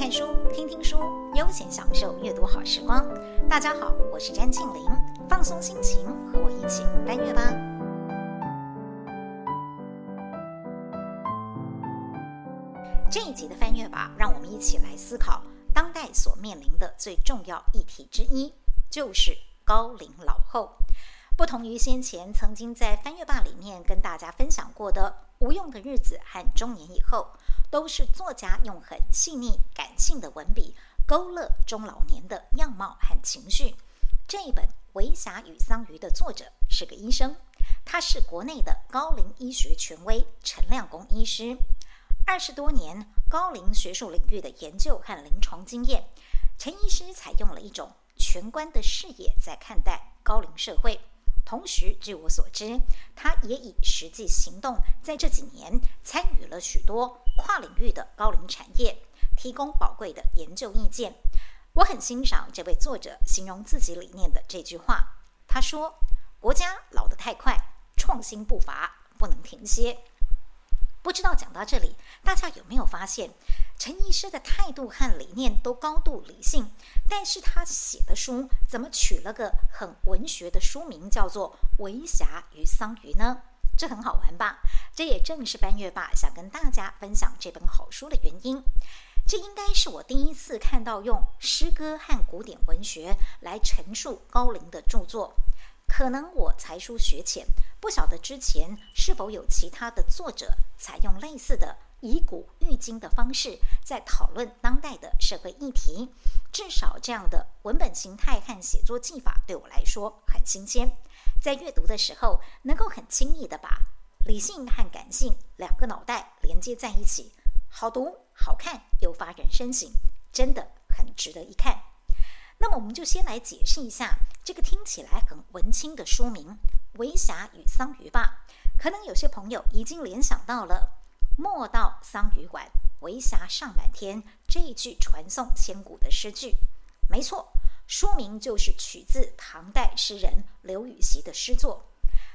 看書，聽聽書，悠閒享受閱讀好時光。大家好，我是詹慶林，放鬆心情，和我一起翻閱吧。這一集的翻閱吧，讓我們一起來思考當代所面臨的最重要議題之一，就是高齡老後。不同於先前曾經在翻閱吧裡面跟大家分享過的。無用的日子和中年以後，都是作家用很細膩、感性的文筆勾勒中老年的樣貌和情緒。這一本《微霞與桑榆》的作者是個醫生，他是國內的高齡醫學權威陳亮恭醫師。二十多年高齡學術領域的研究和臨床經驗，陳醫師採用了一種全觀的視野在看待高齡社會。同時，據我所知，他也以實際行動在這幾年參與了許多跨領域的高齡產業，提供寶貴的研究意見。我很欣賞這位作者形容自己理念的這句話。他說：“國家老得太快，創新步伐不能停歇。”不知道講到這裡，大家有沒有發現，陳醫師的態度和理念都高度理性，但是他寫的書怎麼取了個很文學的書名，叫做《微霞與桑榆》呢？這很好玩吧？這也正是翻閱 BAR 想跟大家分享這本好書的原因。這應該是我第一次看到用詩歌和古典文學來陳述高齡的著作，可能我才疏學淺。不曉得之前是否有其他的作者採用類似的以古喻今的方式，在討論當代的社會議題。至少這樣的文本形態和寫作技法對我來說很新鮮。在閱讀的時候，能夠很輕易地把理性和感性兩個腦袋連接在一起，好讀好看又發人深省，真的很值得一看。那麼我們就先來解釋一下這個聽起來很文青的書名。微霞與桑榆吧，可能有些朋友已經聯想到了“莫道桑榆晚，微霞尚滿天”這一句傳誦千古的詩句。沒錯，書名就是取自唐代詩人劉禹錫的詩作。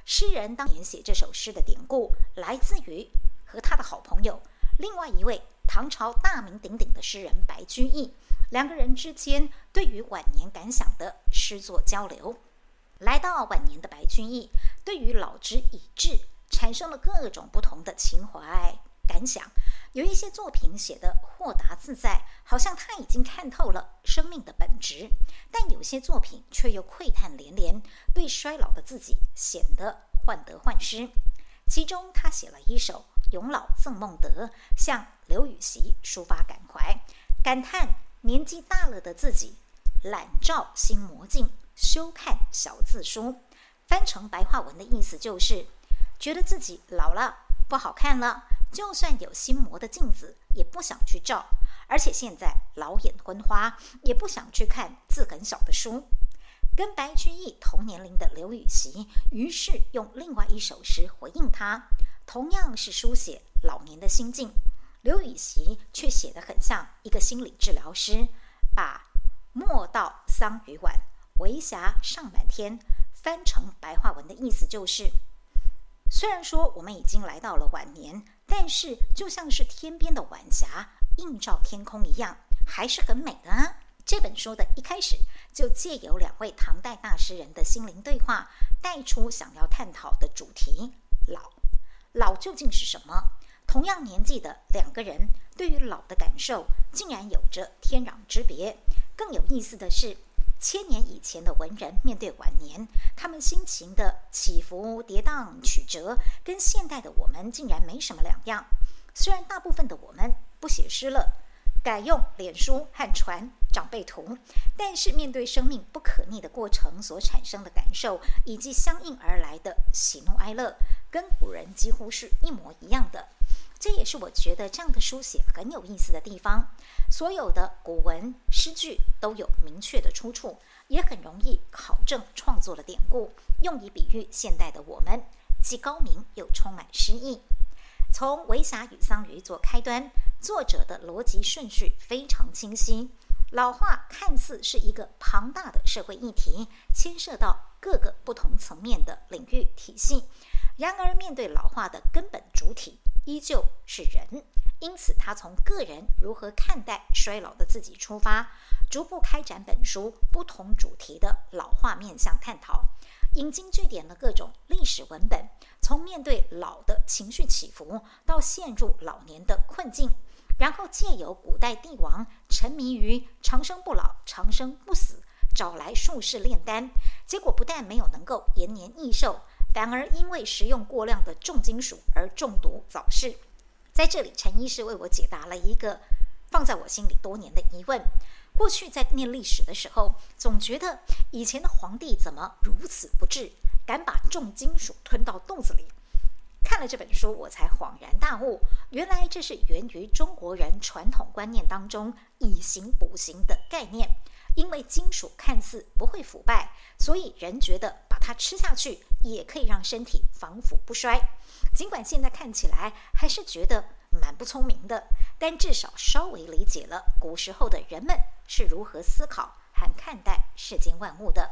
詩人當年寫這首詩的典故，來自於和他的好朋友，另外一位唐朝大名鼎鼎的詩人白居易，兩個人之間對於晚年感想的詩作交流。來到晚年的白居易，對於老之已至，產生了各種不同的情懷感想。有一些作品寫得豁達自在，好像他已經看透了生命的本質；但有些作品卻又喟嘆連連，對衰老的自己顯得患得患失。其中，他寫了一首《詠老贈夢得》，向劉禹錫抒發感懷，感嘆年紀大了的自己，懶照新磨鏡。休看小字書，翻成白話文的意思就是：覺得自己老了不好看了，就算有新磨的鏡子也不想去照，而且現在老眼昏花，也不想去看字很小的書。跟白居易同年齡的劉禹錫，於是用另外一首詩回應他，同樣是書寫老年的心境，劉禹錫卻寫得很像一個心理治療師，把莫道桑榆晚，微霞尚滿天，翻成白話文的意思就是：雖然說我們已經來到了晚年，但是就像是天邊的晚霞映照天空一樣，還是很美的啊。這本書的一開始就借由兩位唐代大詩人的心靈對話，帶出想要探討的主題：老，老究竟是什麼？同樣年紀的兩個人，對於老的感受竟然有着天壤之別。更有意思的是。千年以前的文人面對晚年，他們心情的起伏跌宕曲折，跟現代的我們竟然沒什麼兩樣。雖然大部分的我們不寫詩了，改用臉書和傳長輩圖，但是面對生命不可逆的過程所產生的感受，以及相應而來的喜怒哀樂，跟古人幾乎是一模一樣的。這也是我覺得這樣的書寫很有意思的地方。所有的古文詩句都有明確的出處，也很容易考證創作的典故，用以比喻現代的我們，既高明又充滿詩意。從微霞與桑榆做開端，作者的邏輯順序非常清晰。老化看似是一個龐大的社會議題，牽涉到各個不同層面的領域體系。然而，面對老化的根本主體依舊是人，因此他從個人如何看待衰老的自己出發，逐步開展本書不同主題的老化面向探討，引經據典的各種歷史文本，從面對老的情緒起伏，到陷入老年的困境，然後借由古代帝王沉迷於長生不老、長生不死，找來術士煉丹，結果不但沒有能夠延年益壽。反而因為食用過量的重金屬而中毒早逝。在這裡，陳醫師為我解答了一個放在我心裡多年的疑問：過去在念歷史的時候，總覺得以前的皇帝怎麼如此不智，敢把重金屬吞到肚子裡？看了這本書，我才恍然大悟，原來這是源於中國人傳統觀念當中“以形補形”的概念。因為金屬看似不會腐敗，所以人覺得把它吃下去。也可以讓身體防腐不衰，儘管現在看起來還是覺得蠻不聰明的，但至少稍微理解了古時候的人們是如何思考和看待世間萬物的。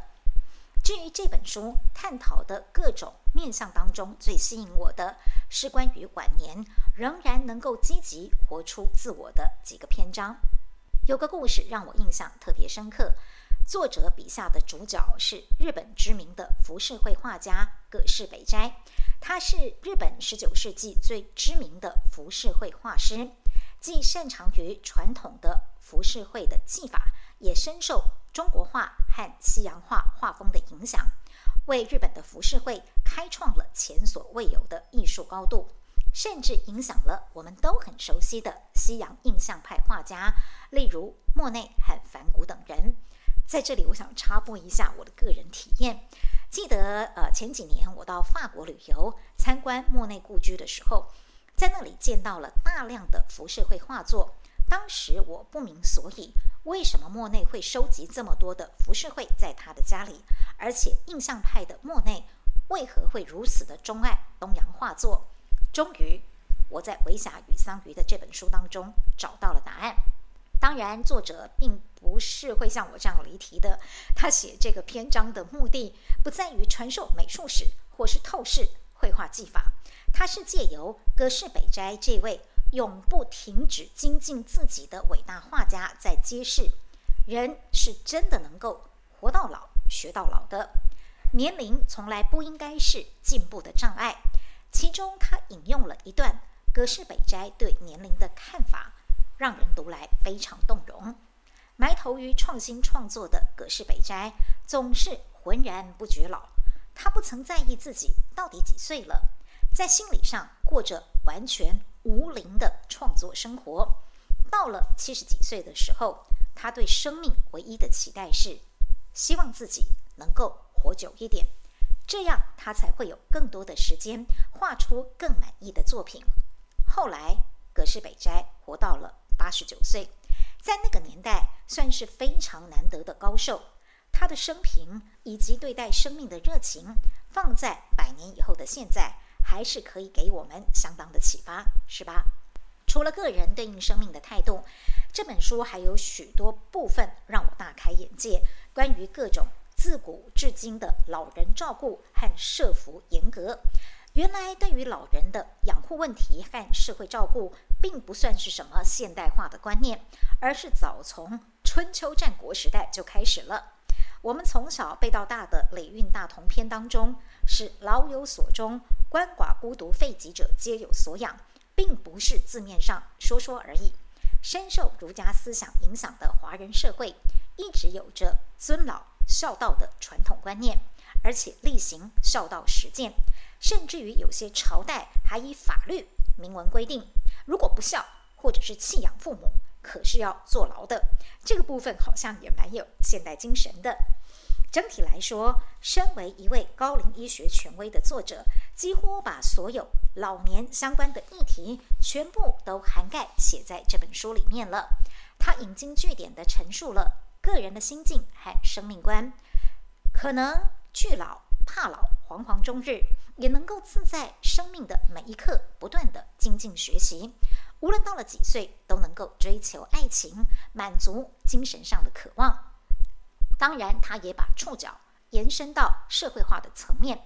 至於這本書探討的各種面向當中，最吸引我的是關於晚年仍然能夠積極活出自我的幾個篇章。有個故事讓我印象特別深刻。作者筆下的主角是日本知名的浮世繪畫家葛飾北齋，他是日本十九世紀最知名的浮世繪畫師，既擅長於傳統的浮世繪的技法，也深受中國畫和西洋畫畫風的影響，為日本的浮世繪開創了前所未有的藝術高度，甚至影響了我們都很熟悉的西洋印象派畫家，例如莫內和梵谷等人。在這裡，我想插播一下我的個人體驗。記得呃前幾年我到法國旅遊，參觀莫內故居的時候，在那裡見到了大量的浮世繪畫作。當時我不明所以，為什麼莫內會收集這麼多的浮世繪在他的家裡？而且印象派的莫內為何會如此的鍾愛東洋畫作？終於，我在微霞與桑榆的這本書當中找到了答案。當然，作者並不是會像我這樣離題的。他寫這個篇章的目的不在於傳授美術史或是透視繪畫技法，他是借由葛飾北齋這位永不停止精進自己的偉大畫家，在揭示：人是真的能夠活到老學到老的，年齡從來不應該是進步的障礙。其中，他引用了一段葛飾北齋對年齡的看法。讓人讀來非常動容。埋頭於創新創作的葛飾北齋總是渾然不覺老，他不曾在意自己到底幾歲了，在心理上過着完全無齡的創作生活。到了七十幾歲的時候，他對生命唯一的期待是希望自己能夠活久一點，這樣他才會有更多的時間畫出更滿意的作品。後來，葛飾北齋活到了。八十九歲，在那個年代算是非常難得的高壽。他的生平以及對待生命的熱情，放在百年以後的現在，還是可以給我們相當的啟發，是吧？除了個人對應生命的態度，這本書還有許多部分讓我大開眼界。關於各種自古至今的老人照顧和社福嚴格，原來對於老人的養護問題和社會照顧。並不算是什麼現代化的觀念，而是早從春秋戰國時代就開始了。我們從小背到大的《禮運大同篇》當中是“老有所終，鰥寡孤獨廢疾者皆有所養”，並不是字面上說說而已。深受儒家思想影響的華人社會，一直有着尊老孝道的傳統觀念，而且力行孝道實踐，甚至於有些朝代還以法律。明文規定，如果不孝或者是棄養父母，可是要坐牢的。這個部分好像也蠻有現代精神的。整體來說，身為一位高齡醫學權威的作者，幾乎把所有老年相關的議題全部都涵蓋寫在這本書裡面了。他引經據典的陳述了個人的心境和生命觀，可能巨老。怕老惶惶終日，也能夠自在生命的每一刻，不斷地精進學習。無論到了幾歲，都能夠追求愛情，滿足精神上的渴望。當然，他也把觸角延伸到社會化的層面。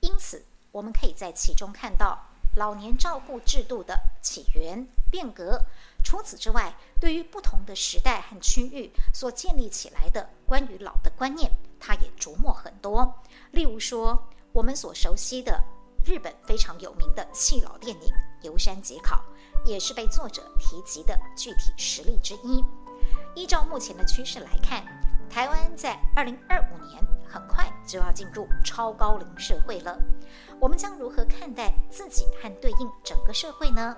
因此，我們可以在其中看到老年照顧制度的起源、變革。除此之外，對於不同的時代和區域所建立起來的關於老的觀念。他也琢磨很多，例如說我們所熟悉的日本非常有名的棄老電影《楢山節考》，也是被作者提及的具體實例之一。依照目前的趨勢來看，台灣在二零二五年很快就要進入超高齡社會了，我們將如何看待自己和對應整個社會呢？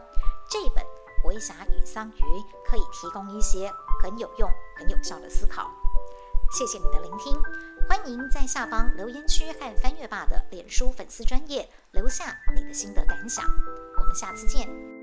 這本《微霞與桑榆》可以提供一些很有用、很有效的思考。謝謝你的聆聽，歡迎在下方留言區和翻閱 BAR 的臉書粉絲專頁留下你的心得感想，我們下次見。